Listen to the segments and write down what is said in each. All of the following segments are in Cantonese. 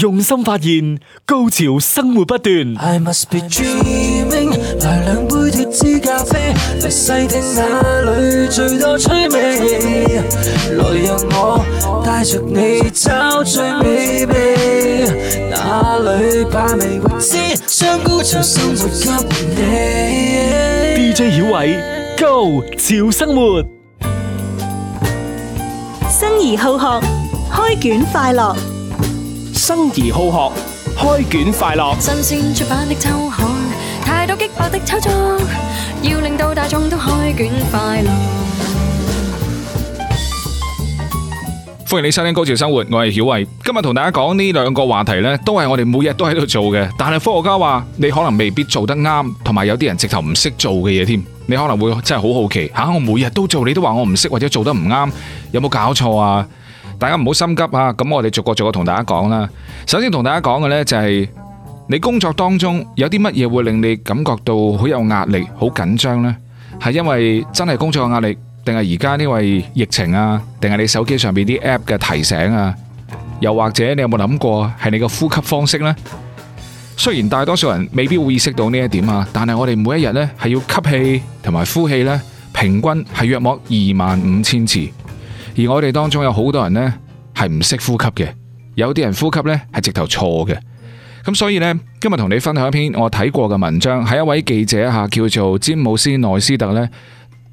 用心發現，高潮生活不斷。來兩杯脫脂咖啡，嚟細聽那裏最多趣味。來讓我帶着你找最美味，哪裏把味知？將高潮生活給你。DJ 曉偉，高潮生活。生而好學，開卷快樂。生而好學，開卷快樂。新鮮出版的週刊，太多激爆的炒作，要令到大眾都開卷快樂。歡迎你收聽《高潮生活》，我係曉慧。今日同大家講呢兩個話題咧，都係我哋每日都喺度做嘅。但係科學家話，你可能未必做得啱，同埋有啲人直頭唔識做嘅嘢添。你可能會真係好好奇吓，我每日都做，你都話我唔識或者做得唔啱，有冇搞錯啊？大家唔好心急啊！咁我哋逐個逐個同大家講啦。首先同大家講嘅呢，就係你工作當中有啲乜嘢會令你感覺到好有壓力、好緊張呢？係因為真係工作嘅壓力，定係而家呢位疫情啊？定係你手機上邊啲 app 嘅提醒啊？又或者你有冇諗過係你嘅呼吸方式呢？雖然大多數人未必會意識到呢一點啊，但係我哋每一日呢係要吸氣同埋呼氣呢，平均係約莫二萬五千次。而我哋當中有好多人呢，係唔識呼吸嘅。有啲人呼吸呢，係直頭錯嘅，咁所以呢，今日同你分享一篇我睇過嘅文章，係一位記者，下叫做詹姆斯奈斯特呢，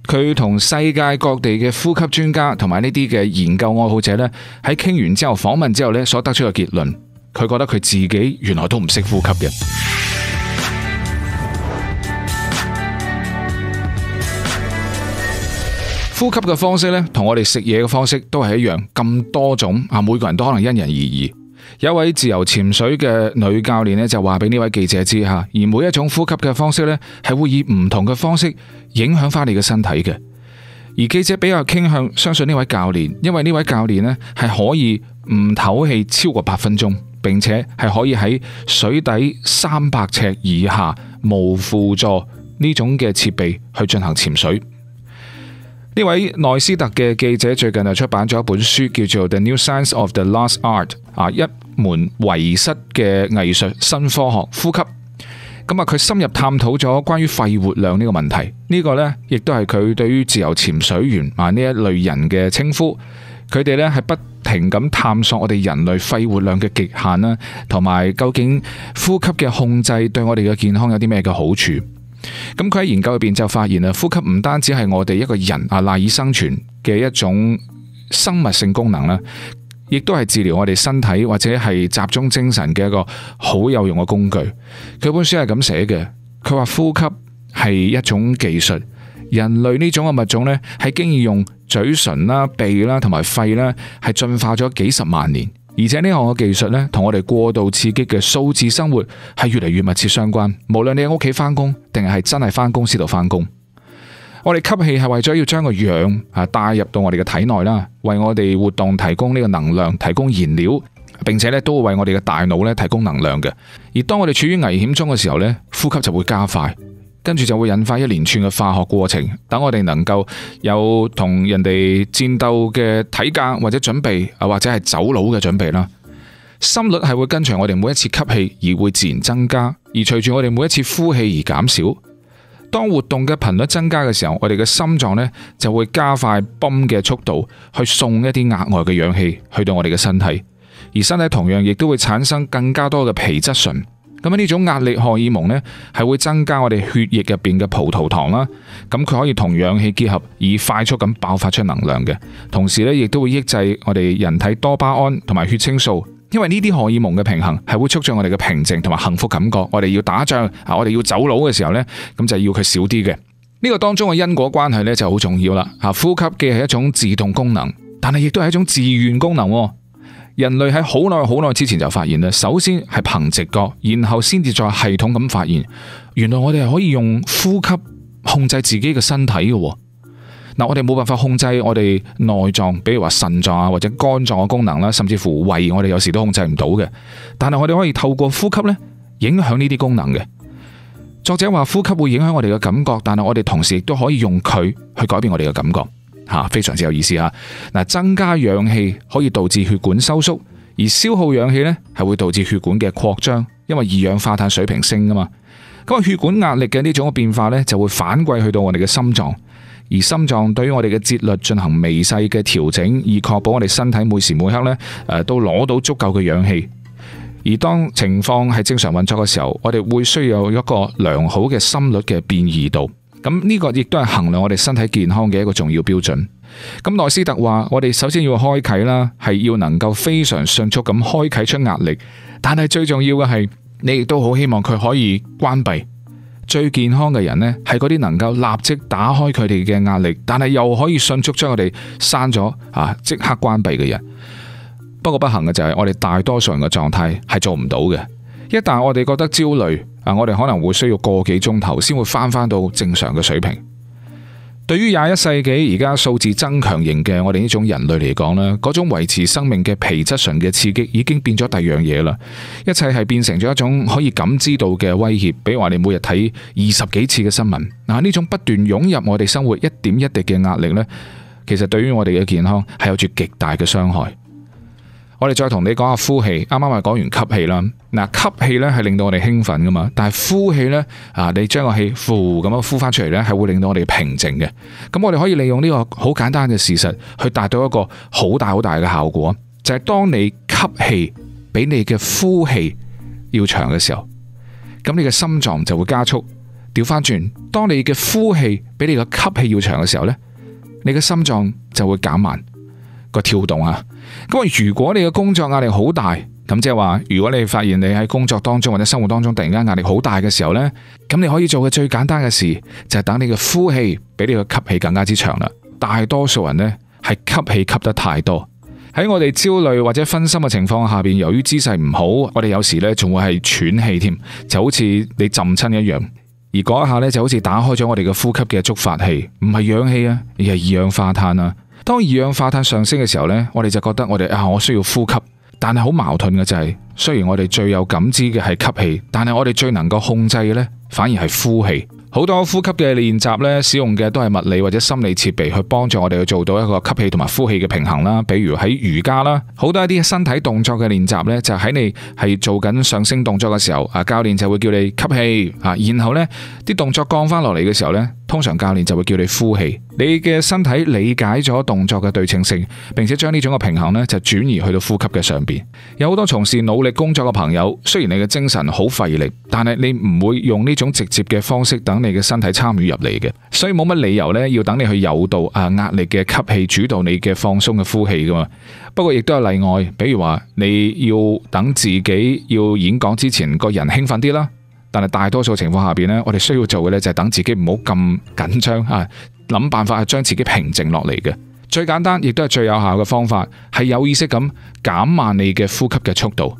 佢同世界各地嘅呼吸專家同埋呢啲嘅研究愛好者呢，喺傾完之後訪問之後呢，所得出嘅結論，佢覺得佢自己原來都唔識呼吸嘅。呼吸嘅方式咧，同我哋食嘢嘅方式都係一樣咁多種啊！每個人都可能因人而異。有一位自由潛水嘅女教練呢，就話俾呢位記者知吓，而每一種呼吸嘅方式咧，係會以唔同嘅方式影響翻你嘅身體嘅。而記者比較傾向相信呢位教練，因為呢位教練呢，係可以唔唞氣超過八分鐘，並且係可以喺水底三百尺以下無輔助呢種嘅設備去進行潛水。呢位內斯特嘅記者最近啊出版咗一本書，叫做《The New Science of the Lost Art》啊一門遺失嘅藝術新科學呼吸。咁、嗯、啊，佢深入探討咗關於肺活量呢個問題。呢、呢個呢亦都係佢對於自由潛水員啊呢一類人嘅稱呼。佢哋呢係不停咁探索我哋人類肺活量嘅極限啦，同埋究竟呼吸嘅控制對我哋嘅健康有啲咩嘅好處？咁佢喺研究入邊就發現啦，呼吸唔單止係我哋一個人啊賴以生存嘅一種生物性功能啦，亦都係治療我哋身體或者係集中精神嘅一個好有用嘅工具。佢本書係咁寫嘅，佢話呼吸係一種技術，人類呢種嘅物種呢係經已用嘴唇啦、鼻啦同埋肺啦係進化咗幾十萬年。而且呢項嘅技術呢，同我哋過度刺激嘅數字生活係越嚟越密切相關。無論你喺屋企翻工，定係真係翻公司度翻工，我哋吸氣係為咗要將個氧啊帶入到我哋嘅體內啦，為我哋活動提供呢個能量，提供燃料，並且咧都會為我哋嘅大腦咧提供能量嘅。而當我哋處於危險中嘅時候呢，呼吸就會加快。跟住就會引發一連串嘅化學過程，等我哋能夠有同人哋戰鬥嘅體格或者準備，啊或者係走佬嘅準備啦。心率係會跟隨我哋每一次吸氣而會自然增加，而隨住我哋每一次呼氣而減少。當活動嘅頻率增加嘅時候，我哋嘅心臟呢就會加快泵嘅速度去送一啲額外嘅氧氣去到我哋嘅身體，而身體同樣亦都會產生更加多嘅皮質醇。咁呢種壓力荷爾蒙呢，係會增加我哋血液入邊嘅葡萄糖啦。咁佢可以同氧氣結合，以快速咁爆發出能量嘅。同時呢，亦都會抑制我哋人體多巴胺同埋血清素。因為呢啲荷爾蒙嘅平衡係會促進我哋嘅平靜同埋幸福感覺。我哋要打仗啊，我哋要走佬嘅時候呢，咁就要佢少啲嘅。呢個當中嘅因果關係呢，就好重要啦。吓，呼吸嘅係一種自動功能，但係亦都係一種自願功能。人類喺好耐好耐之前就發現啦，首先係憑直覺，然後先至再系統咁發現，原來我哋係可以用呼吸控制自己嘅身體嘅。嗱、嗯，我哋冇辦法控制我哋內臟，比如話腎臟啊或者肝臟嘅功能啦，甚至乎胃，我哋有時都控制唔到嘅。但係我哋可以透過呼吸呢影響呢啲功能嘅。作者話，呼吸會影響我哋嘅感覺，但係我哋同時亦都可以用佢去改變我哋嘅感覺。吓，非常之有意思吓。嗱，增加氧氣可以導致血管收縮，而消耗氧氣呢係會導致血管嘅擴張。因為二氧化碳水平升啊嘛，咁啊，血管壓力嘅呢種嘅變化呢，就會反饋去到我哋嘅心臟，而心臟對於我哋嘅節律進行微細嘅調整，以確保我哋身體每時每刻呢誒都攞到足夠嘅氧氣。而當情況係正常運作嘅時候，我哋會需要有一個良好嘅心率嘅變異度。咁呢個亦都係衡量我哋身體健康嘅一個重要標準。咁內斯特話：我哋首先要開啟啦，係要能夠非常迅速咁開啟出壓力，但係最重要嘅係，你亦都好希望佢可以關閉。最健康嘅人呢，係嗰啲能夠立即打開佢哋嘅壓力，但係又可以迅速將佢哋刪咗啊，即刻關閉嘅人。不過不幸嘅就係我哋大多數人嘅狀態係做唔到嘅。一旦我哋覺得焦慮。啊！我哋可能會需要個幾鐘頭先會翻翻到正常嘅水平。對於廿一世紀而家數字增強型嘅我哋呢種人類嚟講，呢嗰種維持生命嘅皮質醇嘅刺激已經變咗第二樣嘢啦。一切係變成咗一種可以感知到嘅威脅，比如話你每日睇二十幾次嘅新聞，嗱，呢種不斷湧入我哋生活一點一滴嘅壓力呢，其實對於我哋嘅健康係有住極大嘅傷害。我哋再同你講下呼氣，啱啱話講完吸氣啦。嗱，吸氣呢係令到我哋興奮噶嘛，但係呼氣呢，啊，你將個氣呼咁樣呼翻出嚟呢，係會令到我哋平靜嘅。咁我哋可以利用呢個好簡單嘅事實，去達到一個好大好大嘅效果。就係當你吸氣比你嘅呼氣要長嘅時候，咁你嘅心臟就會加速；調翻轉，當你嘅呼氣比你個吸氣要長嘅時候呢，你嘅心臟就會減慢。個跳動啊！咁啊，如果你嘅工作壓力好大，咁即係話，如果你發現你喺工作當中或者生活當中突然間壓力好大嘅時候呢，咁你可以做嘅最簡單嘅事就係等你嘅呼氣比你嘅吸氣更加之長啦。大多數人呢係吸氣吸得太多，喺我哋焦慮或者分心嘅情況下邊，由於姿勢唔好，我哋有時呢仲會係喘氣添，就好似你浸親一樣。而嗰一下呢，就好似打開咗我哋嘅呼吸嘅觸發器，唔係氧氣啊，而係二氧化碳啊。當二氧化碳上升嘅時候呢，我哋就覺得我哋啊，我需要呼吸，但係好矛盾嘅就係，雖然我哋最有感知嘅係吸氣，但係我哋最能夠控制嘅呢，反而係呼氣。好多呼吸嘅練習呢，使用嘅都係物理或者心理設備去幫助我哋去做到一個吸氣同埋呼氣嘅平衡啦。比如喺瑜伽啦，好多一啲身體動作嘅練習呢，就喺你係做緊上升動作嘅時候，啊教練就會叫你吸氣，啊然後呢，啲動作降翻落嚟嘅時候呢。通常教練就會叫你呼氣，你嘅身體理解咗動作嘅對稱性，並且將呢種嘅平衡呢就轉移去到呼吸嘅上邊。有好多從事努力工作嘅朋友，雖然你嘅精神好費力，但係你唔會用呢種直接嘅方式等你嘅身體參與入嚟嘅，所以冇乜理由呢，要等你去誘導啊壓力嘅吸氣主導你嘅放鬆嘅呼氣噶嘛。不過亦都有例外，比如話你要等自己要演講之前個人興奮啲啦。但係大多數情況下邊呢，我哋需要做嘅呢，就係等自己唔好咁緊張啊，諗辦法係將自己平靜落嚟嘅。最簡單亦都係最有效嘅方法，係有意識咁減慢你嘅呼吸嘅速度。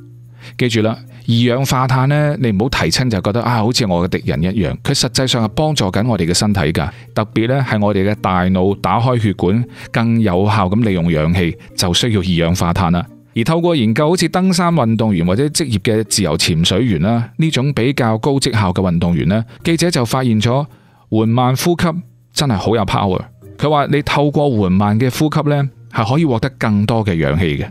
記住啦，二氧化碳呢，你唔好提親就覺得啊，好似我嘅敵人一樣。佢實際上係幫助緊我哋嘅身體噶，特別呢，係我哋嘅大腦打開血管，更有效咁利用氧氣，就需要二氧化碳啦。而透過研究，好似登山運動員或者職業嘅自由潛水員啦，呢種比較高績效嘅運動員呢，記者就發現咗緩慢呼吸真係好有 power。佢話你透過緩慢嘅呼吸呢，係可以獲得更多嘅氧氣嘅。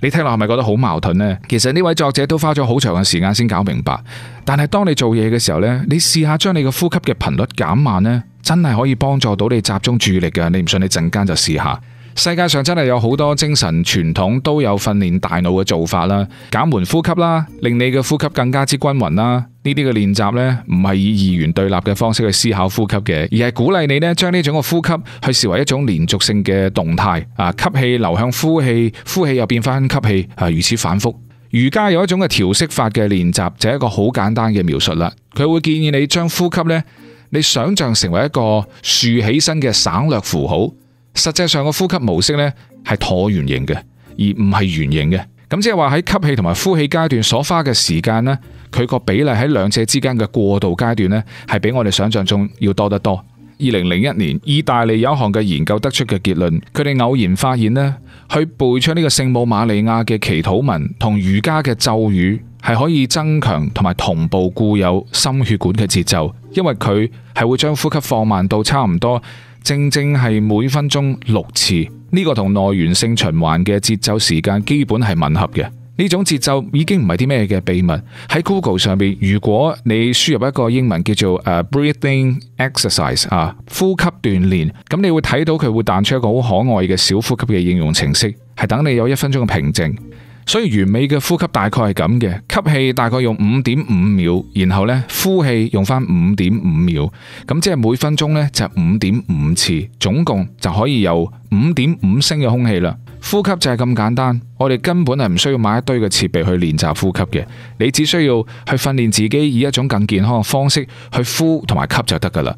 你聽落係咪覺得好矛盾呢？其實呢位作者都花咗好長嘅時間先搞明白。但係當你做嘢嘅時候呢，你試下將你嘅呼吸嘅頻率減慢呢，真係可以幫助到你集中注意力嘅。你唔信，你陣間就試下。世界上真係有好多精神傳統都有訓練大腦嘅做法啦，減緩呼吸啦，令你嘅呼吸更加之均匀啦。呢啲嘅練習呢，唔係以二元對立嘅方式去思考呼吸嘅，而係鼓勵你呢將呢種嘅呼吸去視為一種連續性嘅動態啊，吸氣流向呼氣，呼氣又變翻吸氣啊，如此反覆。瑜伽有一種嘅調息法嘅練習，就係一個好簡單嘅描述啦。佢會建議你將呼吸呢，你想象成為一個豎起身嘅省略符號。實際上個呼吸模式呢，係橢圓形嘅，而唔係圓形嘅。咁即係話喺吸氣同埋呼氣階段所花嘅時間呢，佢個比例喺兩者之間嘅過渡階段呢，係比我哋想象中要多得多。二零零一年，意大利有一項嘅研究得出嘅結論，佢哋偶然發現呢，去背唱呢個聖母瑪利亞嘅祈禱文同瑜伽嘅咒語，係可以增強同埋同步固有心血管嘅節奏。因為佢係會將呼吸放慢到差唔多，正正係每分鐘六次。呢個同內源性循環嘅節奏時間基本係吻合嘅。呢種節奏已經唔係啲咩嘅秘密。喺 Google 上面，如果你輸入一個英文叫做誒 breathing exercise 啊，呼吸鍛煉咁，你會睇到佢會彈出一個好可愛嘅小呼吸嘅應用程式，係等你有一分鐘嘅平靜。所以完美嘅呼吸大概係咁嘅，吸氣大概用五點五秒，然後呢呼氣用翻五點五秒，咁即係每分鐘呢，就五點五次，總共就可以有五點五升嘅空氣啦。呼吸就係咁簡單，我哋根本係唔需要買一堆嘅設備去練習呼吸嘅，你只需要去訓練自己以一種更健康嘅方式去呼同埋吸就得噶啦。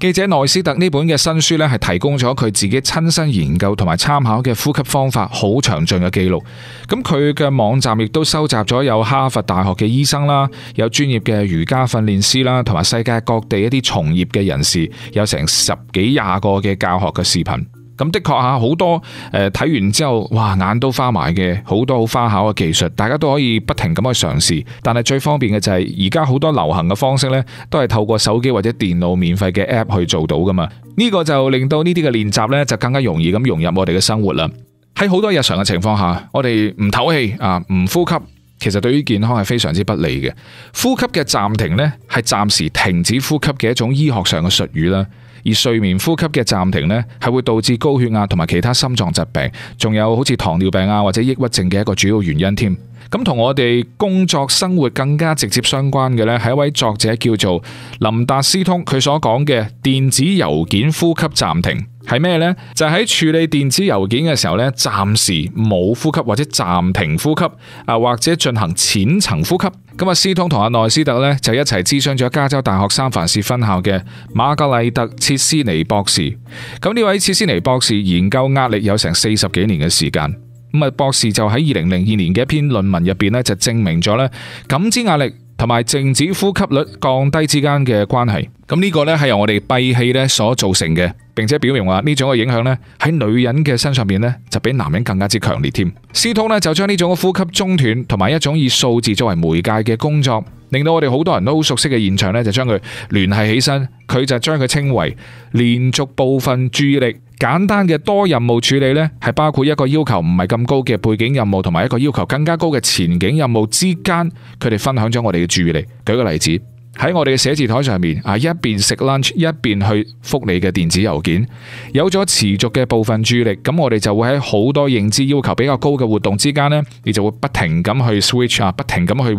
記者內斯特呢本嘅新書呢，係提供咗佢自己親身研究同埋參考嘅呼吸方法，好詳盡嘅記錄。咁佢嘅網站亦都收集咗有哈佛大學嘅醫生啦，有專業嘅瑜伽訓練師啦，同埋世界各地一啲從業嘅人士，有成十幾廿個嘅教學嘅視頻。咁的確吓，好多誒睇，呃、完之後，哇眼都花埋嘅，好多好花巧嘅技術，大家都可以不停咁去嘗試。但係最方便嘅就係而家好多流行嘅方式呢都係透過手機或者電腦免費嘅 App 去做到噶嘛。呢、這個就令到呢啲嘅練習呢，就更加容易咁融入我哋嘅生活啦。喺好多日常嘅情況下，我哋唔唞氣啊，唔呼吸，其實對於健康係非常之不利嘅。呼吸嘅暫停呢，係暫時停止呼吸嘅一種醫學上嘅術語啦。而睡眠呼吸嘅暫停呢，係會導致高血壓同埋其他心臟疾病，仲有好似糖尿病啊或者抑鬱症嘅一個主要原因添。咁同我哋工作生活更加直接相關嘅呢，係一位作者叫做林達斯通，佢所講嘅電子郵件呼吸暫停係咩呢？就係喺處理電子郵件嘅時候呢，暫時冇呼吸或者暫停呼吸啊，或者進行淺層呼吸。咁啊，斯通同阿奈斯特呢，就一齊諮詢咗加州大學三藩市分校嘅瑪格麗特切斯尼博士。咁呢位切斯尼博士研究壓力有成四十幾年嘅時間。咁啊，博士就喺二零零二年嘅一篇論文入邊呢，就證明咗呢感知壓力同埋靜止呼吸率降低之間嘅關係。咁、這、呢個呢，係由我哋閉氣呢所造成嘅，並且表明話呢種嘅影響呢，喺女人嘅身上邊呢，就比男人更加之強烈添。司通呢，就將呢種呼吸中斷同埋一種以數字作為媒介嘅工作，令到我哋好多人都好熟悉嘅現場呢，就將佢聯繫起身。佢就將佢稱為連續部分注意力。簡單嘅多任務處理呢，係包括一個要求唔係咁高嘅背景任務，同埋一個要求更加高嘅前景任務之間，佢哋分享咗我哋嘅注意力。舉個例子。喺我哋嘅寫字台上面啊，一邊食 lunch，一邊去覆你嘅電子郵件。有咗持續嘅部分注意力，咁我哋就會喺好多認知要求比較高嘅活動之間呢，你就會不停咁去 switch 啊，不停咁去換。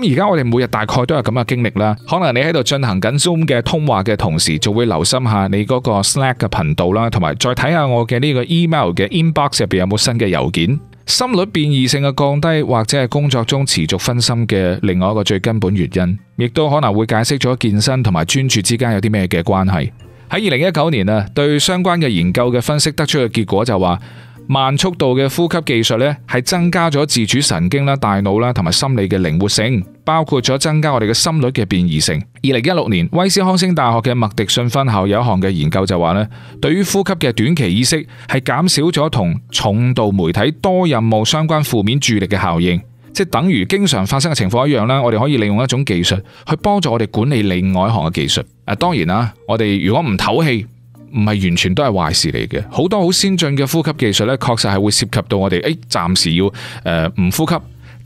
咁而家我哋每日大概都有咁嘅經歷啦。可能你喺度進行緊 Zoom 嘅通話嘅同時，就會留心下你嗰個 Slack 嘅頻道啦，同埋再睇下我嘅呢個 email 嘅 inbox 入邊有冇新嘅郵件。心率變異性嘅降低，或者係工作中持續分心嘅另外一個最根本原因，亦都可能會解釋咗健身同埋專注之間有啲咩嘅關係。喺二零一九年啊，對相關嘅研究嘅分析得出嘅結果就話，慢速度嘅呼吸技術咧，係增加咗自主神經啦、大腦啦同埋心理嘅靈活性。包括咗增加我哋嘅心率嘅變異性。二零一六年，威斯康星大學嘅麥迪遜分校有一項嘅研究就話呢，對於呼吸嘅短期意識係減少咗同重度媒體多任務相關負面注意力嘅效應，即等於經常發生嘅情況一樣啦。我哋可以利用一種技術去幫助我哋管理另外一項嘅技術。啊，當然啦，我哋如果唔唞氣，唔係完全都係壞事嚟嘅。好多好先進嘅呼吸技術呢，確實係會涉及到我哋誒、哎，暫時要誒唔、呃、呼吸。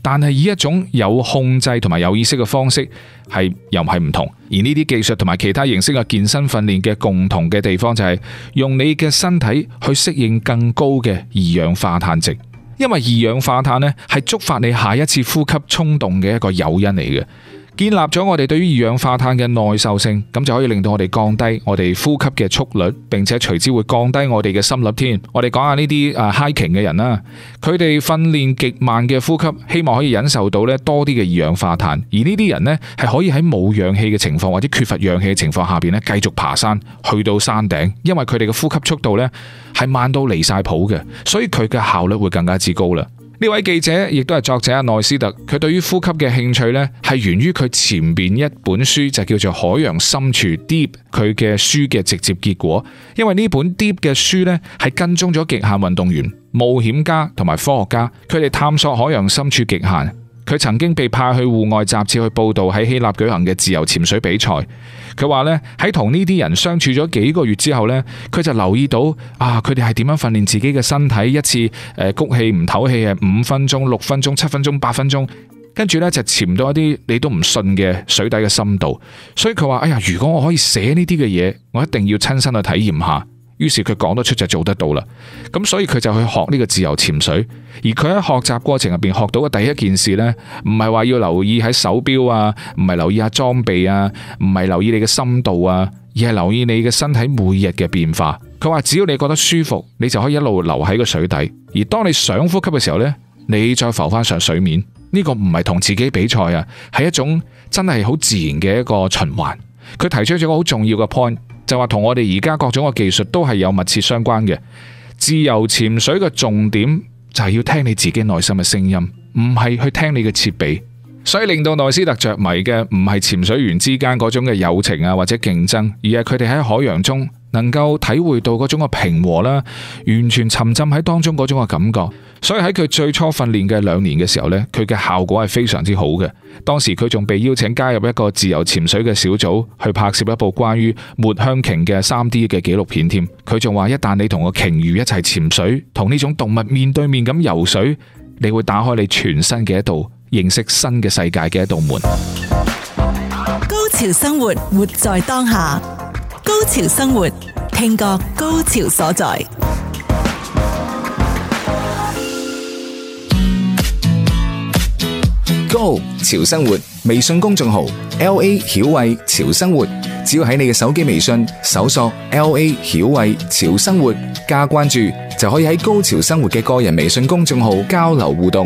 但係以一種有控制同埋有意識嘅方式，係又係唔同。而呢啲技術同埋其他形式嘅健身訓練嘅共同嘅地方就係、是、用你嘅身體去適應更高嘅二氧化碳值，因為二氧化碳呢，係觸發你下一次呼吸衝動嘅一個誘因嚟嘅。建立咗我哋對於二氧化碳嘅耐受性，咁就可以令到我哋降低我哋呼吸嘅速率，並且隨之會降低我哋嘅心率。添，我哋講下呢啲誒，hiking 嘅人啦，佢哋訓練極慢嘅呼吸，希望可以忍受到呢多啲嘅二氧化碳。而呢啲人呢，係可以喺冇氧氣嘅情況或者缺乏氧氣嘅情況下邊呢，繼續爬山，去到山頂，因為佢哋嘅呼吸速度呢，係慢到離晒譜嘅，所以佢嘅效率會更加之高啦。呢位記者亦都係作者阿奈斯特，佢對於呼吸嘅興趣呢，係源於佢前邊一本書就叫做《海洋深處 Deep》，佢嘅書嘅直接結果，因為呢本 Deep 嘅書呢，係跟蹤咗極限運動員、冒險家同埋科學家，佢哋探索海洋深處極限。佢曾經被派去戶外雜誌去報道喺希臘舉行嘅自由潛水比賽。佢話呢，喺同呢啲人相處咗幾個月之後呢，佢就留意到啊，佢哋係點樣訓練自己嘅身體？一次誒、呃，谷氣唔唞氣嘅五分鐘、六分鐘、七分鐘、八分鐘，跟住呢就潛到一啲你都唔信嘅水底嘅深度。所以佢話：哎呀，如果我可以寫呢啲嘅嘢，我一定要親身去體驗下。於是佢講得出就做得到啦，咁所以佢就去學呢個自由潛水，而佢喺學習過程入邊學到嘅第一件事呢，唔係話要留意喺手表啊，唔係留意下裝備啊，唔係留意你嘅深度啊，而係留意你嘅身體每日嘅變化。佢話只要你覺得舒服，你就可以一路留喺個水底，而當你想呼吸嘅時候呢，你再浮翻上水面。呢個唔係同自己比賽啊，係一種真係好自然嘅一個循環。佢提出咗一個好重要嘅 point。就話同我哋而家各種嘅技術都係有密切相關嘅。自由潛水嘅重點就係要聽你自己內心嘅聲音，唔係去聽你嘅設備。所以令到奈斯特着迷嘅唔係潛水員之間嗰種嘅友情啊或者競爭，而係佢哋喺海洋中能夠體會到嗰種嘅平和啦，完全沉浸喺當中嗰種嘅感覺。所以喺佢最初訓練嘅兩年嘅時候咧，佢嘅效果係非常之好嘅。當時佢仲被邀請加入一個自由潛水嘅小組去拍攝一部關於抹香鯨嘅三 D 嘅紀錄片添。佢仲話：一旦你同個鯨魚一齊潛水，同呢種動物面對面咁游水，你會打開你全新嘅一道。認識新嘅世界嘅一道門，高潮生活活在當下，高潮生活聽覺高潮所在，高潮生活微信公眾號 L A 曉慧潮生活，只要喺你嘅手機微信搜索 L A 曉慧潮生活加關注，就可以喺高潮生活嘅個人微信公眾號交流互動。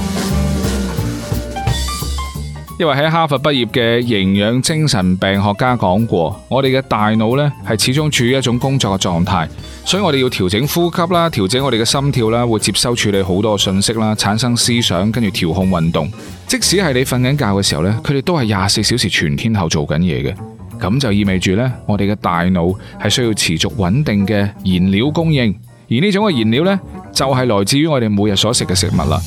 因為喺哈佛畢業嘅營養精神病學家講過，我哋嘅大腦呢係始終處於一種工作嘅狀態，所以我哋要調整呼吸啦，調整我哋嘅心跳啦，會接收處理好多嘅信息啦，產生思想，跟住調控運動。即使係你瞓緊覺嘅時候呢，佢哋都係廿四小時全天候做緊嘢嘅，咁就意味住呢，我哋嘅大腦係需要持續穩定嘅燃料供應，而呢種嘅燃料呢，就係來自於我哋每日所食嘅食物啦。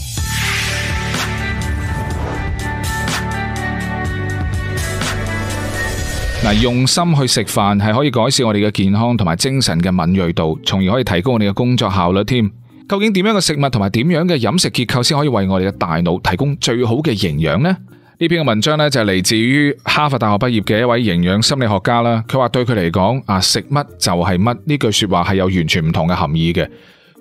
嗱，用心去食飯係可以改善我哋嘅健康同埋精神嘅敏銳度，從而可以提高我哋嘅工作效率添。究竟點樣嘅食物同埋點樣嘅飲食結構先可以為我哋嘅大腦提供最好嘅營養呢？呢篇嘅文章呢，就係嚟自於哈佛大學畢業嘅一位營養心理學家啦。佢話對佢嚟講，啊食乜就係乜呢句說話係有完全唔同嘅含義嘅。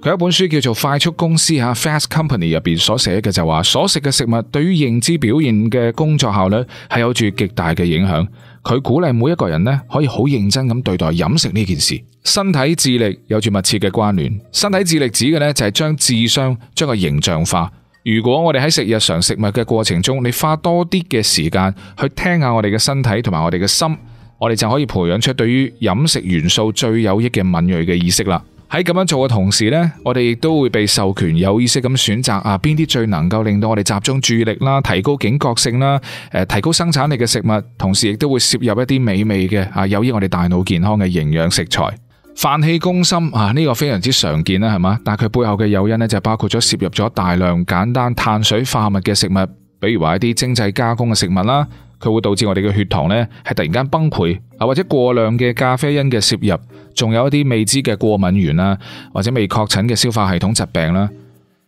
佢一本書叫做《快速公司》吓 （Fast Company） 入邊所寫嘅就話，所食嘅食物對於認知表現嘅工作效率係有住極大嘅影響。佢鼓勵每一個人呢，可以好認真咁對待飲食呢件事。身體智力，有住密切嘅關聯，身體智力指嘅呢就係將智商將佢形象化。如果我哋喺食日常食物嘅過程中，你花多啲嘅時間去聽下我哋嘅身體同埋我哋嘅心，我哋就可以培養出對於飲食元素最有益嘅敏銳嘅意識啦。喺咁樣做嘅同時呢，我哋亦都會被授權有意識咁選擇啊，邊啲最能夠令到我哋集中注意力啦，提高警覺性啦，誒，提高生產力嘅食物，同時亦都會攝入一啲美味嘅啊，有益我哋大腦健康嘅營養食材。飯氣攻心啊，呢個非常之常見啦，係嘛？但係佢背後嘅誘因呢，就包括咗攝入咗大量簡單碳水化合物嘅食物，比如話一啲精製加工嘅食物啦。佢會導致我哋嘅血糖呢係突然間崩潰，啊或者過量嘅咖啡因嘅攝入，仲有一啲未知嘅過敏原啦，或者未確診嘅消化系統疾病啦，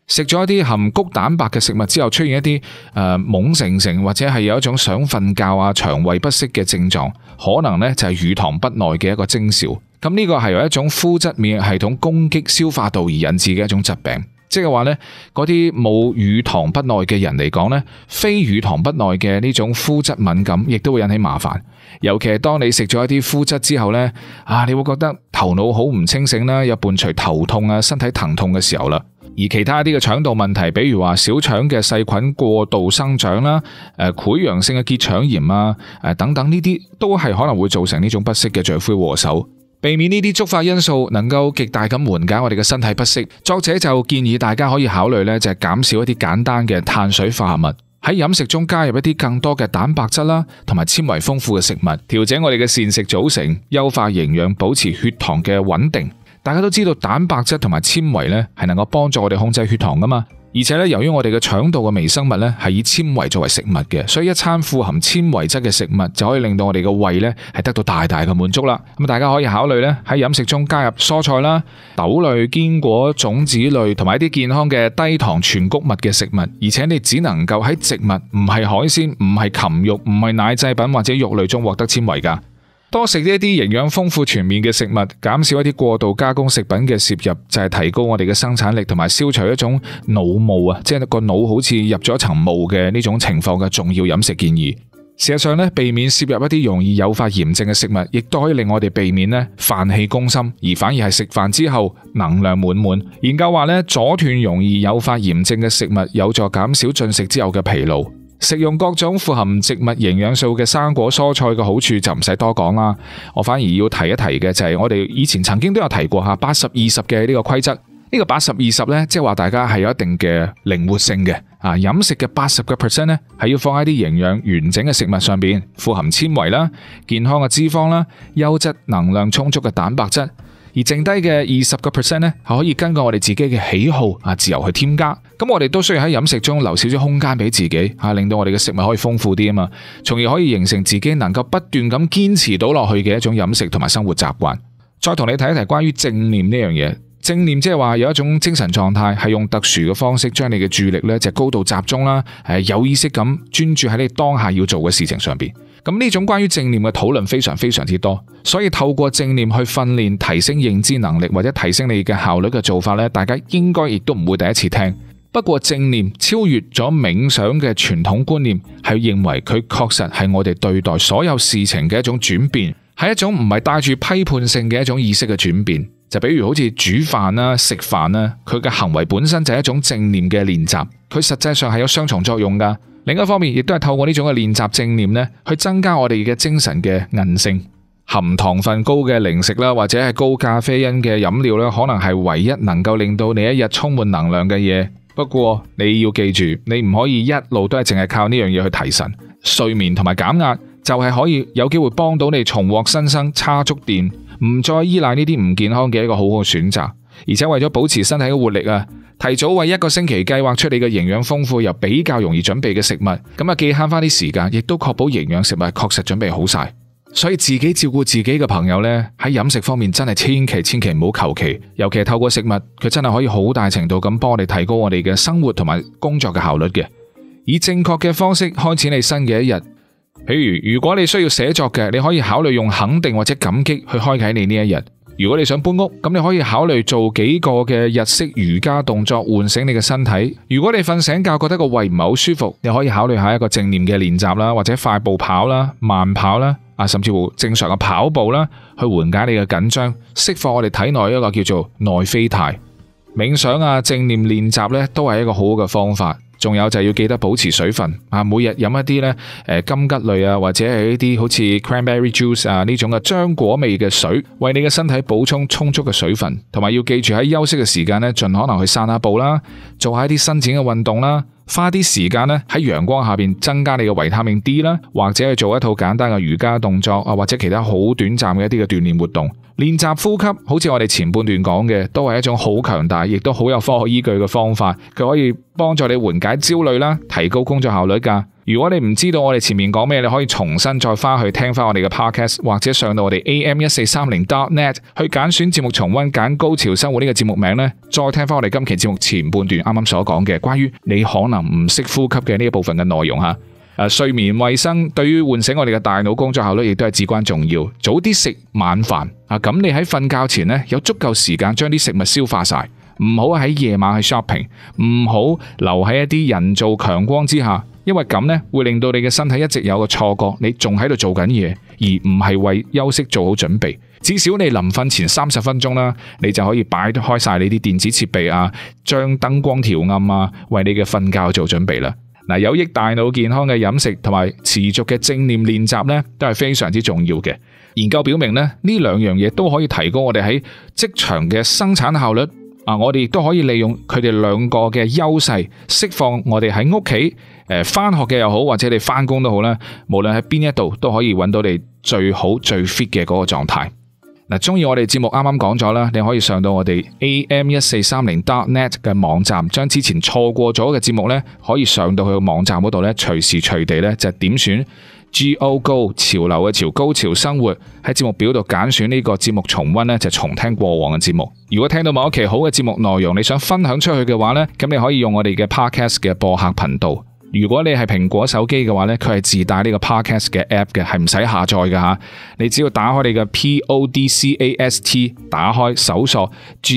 食咗一啲含穀蛋白嘅食物之後出現一啲誒懵盛盛，或者係有一種想瞓覺啊、腸胃不適嘅症狀，可能呢就係乳糖不耐嘅一個徵兆。咁呢個係由一種麩質免疫系統攻擊消化道而引致嘅一種疾病。即係話呢，嗰啲冇乳糖不耐嘅人嚟講呢，非乳糖不耐嘅呢種膚質敏感，亦都會引起麻煩。尤其係當你食咗一啲膚質之後呢，啊你會覺得頭腦好唔清醒啦，有伴隨頭痛啊、身體疼痛嘅時候啦。而其他一啲嘅腸道問題，比如話小腸嘅細菌過度生長啦，誒潰瘍性嘅結腸炎啊，誒等等呢啲，都係可能會造成呢種不適嘅罪魁禍首。避免呢啲觸發因素，能夠極大咁緩解我哋嘅身體不適。作者就建議大家可以考慮呢，就係減少一啲簡單嘅碳水化合物，喺飲食中加入一啲更多嘅蛋白質啦，同埋纖維豐富嘅食物，調整我哋嘅膳食組成，優化營養，保持血糖嘅穩定。大家都知道蛋白質同埋纖維咧係能夠幫助我哋控制血糖噶嘛，而且咧由於我哋嘅腸道嘅微生物咧係以纖維作為食物嘅，所以一餐富含纖維質嘅食物就可以令到我哋嘅胃咧係得到大大嘅滿足啦。咁大家可以考慮咧喺飲食中加入蔬菜啦、豆類、堅果、種子類同埋一啲健康嘅低糖全穀物嘅食物。而且你只能夠喺植物，唔係海鮮、唔係禽肉、唔係奶製品或者肉類中獲得纖維噶。多食一啲營養豐富全面嘅食物，減少一啲過度加工食品嘅攝入，就係提高我哋嘅生產力同埋消除一種腦霧啊，即係個腦好似入咗一層霧嘅呢種情況嘅重要飲食建議。事實上咧，避免攝入一啲容易誘發炎症嘅食物，亦都可以令我哋避免呢飯氣攻心，而反而係食飯之後能量滿滿。研究話呢，阻斷容易誘發炎症嘅食物，有助減少進食之後嘅疲勞。食用各種富含植物營養素嘅生果蔬菜嘅好處就唔使多講啦，我反而要提一提嘅就係我哋以前曾經都有提過吓八十二十嘅呢個規則，呢個八十二十呢，即係話大家係有一定嘅靈活性嘅啊，飲食嘅八十個 percent 呢，係要放喺啲營養完整嘅食物上邊，富含纖維啦、健康嘅脂肪啦、優質能量充足嘅蛋白質。而剩低嘅二十個 percent 咧，係可以根據我哋自己嘅喜好啊，自由去添加。咁我哋都需要喺飲食中留少少空間俾自己，吓、啊、令到我哋嘅食物可以豐富啲啊嘛，從而可以形成自己能夠不斷咁堅持到落去嘅一種飲食同埋生活習慣。再同你睇一睇關於正念呢樣嘢，正念即係話有一種精神狀態，係用特殊嘅方式將你嘅注意力咧就高度集中啦，誒，有意識咁專注喺你當下要做嘅事情上邊。咁呢種關於正念嘅討論非常非常之多，所以透過正念去訓練提升認知能力或者提升你嘅效率嘅做法呢，大家應該亦都唔會第一次聽。不過正念超越咗冥想嘅傳統觀念，係認為佢確實係我哋對待所有事情嘅一種轉變，係一種唔係帶住批判性嘅一種意識嘅轉變。就比如好似煮飯啦、食飯啦，佢嘅行為本身就係一種正念嘅練習，佢實際上係有雙重作用噶。另一方面，亦都係透過呢種嘅練習正念呢，去增加我哋嘅精神嘅韌性。含糖分高嘅零食啦，或者係高咖啡因嘅飲料呢，可能係唯一能夠令到你一日充滿能量嘅嘢。不過你要記住，你唔可以一路都係淨係靠呢樣嘢去提神。睡眠同埋減壓就係可以有機會幫到你重獲新生，叉足電，唔再依賴呢啲唔健康嘅一個好好嘅選擇，而且為咗保持身體嘅活力啊，提早為一個星期計劃出你嘅營養豐富又比較容易準備嘅食物，咁啊既慳翻啲時間，亦都確保營養食物確實準備好晒。所以自己照顧自己嘅朋友呢，喺飲食方面真係千祈千祈唔好求其，尤其係透過食物佢真係可以好大程度咁幫你提高我哋嘅生活同埋工作嘅效率嘅。以正確嘅方式開始你新嘅一日。譬如，如果你需要寫作嘅，你可以考慮用肯定或者感激去開啟你呢一日。如果你想搬屋，咁你可以考慮做幾個嘅日式瑜伽動作，喚醒你嘅身體。如果你瞓醒覺，覺得個胃唔係好舒服，你可以考慮下一個正念嘅練習啦，或者快步跑啦、慢跑啦，啊，甚至乎正常嘅跑步啦，去緩解你嘅緊張，釋放我哋體內一個叫做內啡肽。冥想啊、正念練習呢，都係一個好嘅方法。仲有就係要記得保持水分啊，每日飲一啲咧誒柑橘類啊，或者係一啲好似 cranberry juice 啊呢、啊、種嘅漿果味嘅水，為你嘅身體補充充足嘅水分，同埋要記住喺休息嘅時間呢，盡可能去散下步啦，做下一啲伸展嘅運動啦。花啲時間咧喺陽光下邊增加你嘅維他命 D 啦，或者去做一套簡單嘅瑜伽動作啊，或者其他好短暫嘅一啲嘅鍛煉活動，練習呼吸，好似我哋前半段講嘅，都係一種好強大，亦都好有科學依據嘅方法，佢可以幫助你緩解焦慮啦，提高工作效率㗎。如果你唔知道我哋前面講咩，你可以重新再翻去聽翻我哋嘅 podcast，或者上到我哋 AM 1430.net 去揀選節目重溫，揀《高潮生活》呢個節目名呢，再聽翻我哋今期節目前半段啱啱所講嘅關於你可能唔識呼吸嘅呢一部分嘅內容吓，啊。睡眠衛生對於喚醒我哋嘅大腦工作效率亦都係至關重要。早啲食晚飯啊，咁你喺瞓覺前呢，有足夠時間將啲食物消化晒，唔好喺夜晚去 shopping，唔好留喺一啲人造強光之下。因為咁呢，會令到你嘅身體一直有個錯覺，你仲喺度做緊嘢，而唔係為休息做好準備。至少你臨瞓前三十分鐘啦，你就可以擺開晒你啲電子設備啊，將燈光調暗啊，為你嘅瞓覺做準備啦。嗱、嗯，有益大腦健康嘅飲食同埋持續嘅正念練習呢，都係非常之重要嘅。研究表明呢，呢兩樣嘢都可以提高我哋喺職場嘅生產效率。啊，我哋亦都可以利用佢哋兩個嘅優勢，釋放我哋喺屋企。誒，翻學嘅又好，或者你翻工都好咧，無論喺邊一度都可以搵到你最好最 fit 嘅嗰個狀態。嗱，中意我哋節目，啱啱講咗啦，你可以上到我哋 AM 一四三零 dot net 嘅網站，將之前錯過咗嘅節目呢，可以上到去個網站嗰度呢，隨時隨地呢，就點選 G O Go 潮流嘅潮高潮生活喺節目表度揀選呢個節目重溫呢，就重聽過往嘅節目。如果聽到某一期好嘅節目內容，你想分享出去嘅話呢，咁你可以用我哋嘅 Podcast 嘅播客頻道。如果你係蘋果手機嘅話呢，佢係自帶呢個 Podcast 嘅 app 嘅，係唔使下載㗎吓。你只要打開你嘅 Podcast，打開搜索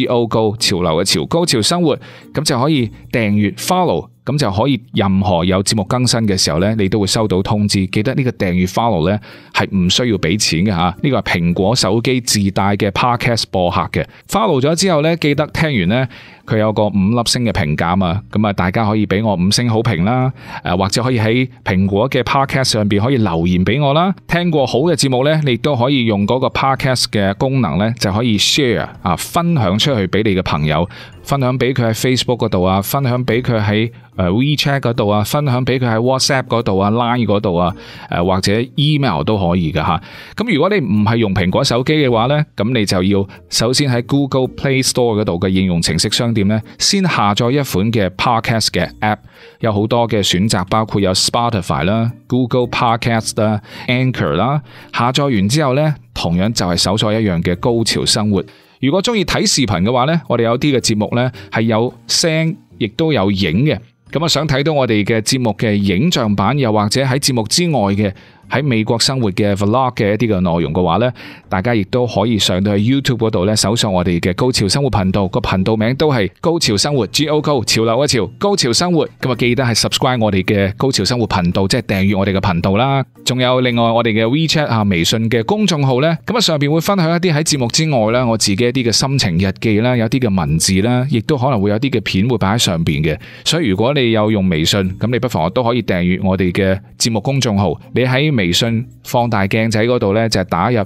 Go Go 潮流嘅潮高潮生活，咁就可以訂閱 follow。咁就可以，任何有節目更新嘅時候呢，你都會收到通知。記得呢個訂閱 follow 呢，係唔需要俾錢嘅嚇，呢、啊呢個係蘋果手機自帶嘅 Podcast 播客嘅 follow 咗之後呢，記得聽完呢，佢有個五粒星嘅評價嘛，咁啊大家可以俾我五星好評啦，誒、啊、或者可以喺蘋果嘅 Podcast 上邊可以留言俾我啦、啊。聽過好嘅節目呢，你都可以用嗰個 Podcast 嘅功能呢，就可以 share 啊分享出去俾你嘅朋友。分享俾佢喺 Facebook 度啊，分享俾佢喺誒 WeChat 度啊，分享俾佢喺 WhatsApp 度啊、Line 度啊，誒或者 email 都可以㗎吓。咁如果你唔係用蘋果手機嘅話呢，咁你就要首先喺 Google Play Store 嗰度嘅應用程式商店呢，先下載一款嘅 Podcast 嘅 App，有好多嘅選擇，包括有 Spotify 啦、Google Podcast 啦、Anchor 啦。下載完之後呢，同樣就係搜索一樣嘅高潮生活。如果中意睇視頻嘅話呢，我哋有啲嘅節目呢係有聲，亦都有影嘅。咁啊，想睇到我哋嘅節目嘅影像版，又或者喺節目之外嘅。喺美國生活嘅 Vlog 嘅一啲嘅內容嘅話呢，大家亦都可以上到去 YouTube 嗰度咧，搜索我哋嘅高潮生活頻道，個頻道名都係高潮生活 GOCO 潮流一潮高潮生活。咁啊、OK，高潮生活記得係 subscribe 我哋嘅高潮生活頻道，即係訂閱我哋嘅頻道啦。仲有另外我哋嘅 WeChat 啊，微信嘅公眾號呢。咁啊上邊會分享一啲喺節目之外呢，我自己一啲嘅心情日記啦，有啲嘅文字啦，亦都可能會有啲嘅片會擺喺上邊嘅。所以如果你有用微信，咁你不妨都可以訂閱我哋嘅節目公眾號，你喺微信放大鏡仔嗰度咧，就係打入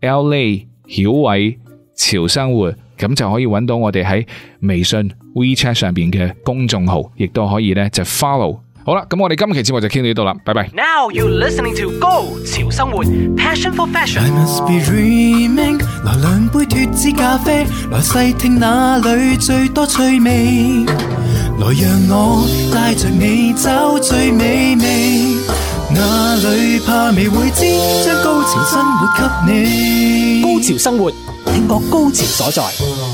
LA 曉偉潮生活，咁就可以揾到我哋喺微信 WeChat 上邊嘅公眾號，亦都可以咧就 follow。好啦，咁我哋今期節目就傾到呢度啦，拜拜。Now you listening to Go 潮生活，Passion for Fashion，I must be dreaming。來兩杯脫脂咖啡，來細聽哪裏最多趣味，來讓我帶着你走最美味。哪裏怕未會知？將高潮生活給你。高潮生活，聽我高潮所在。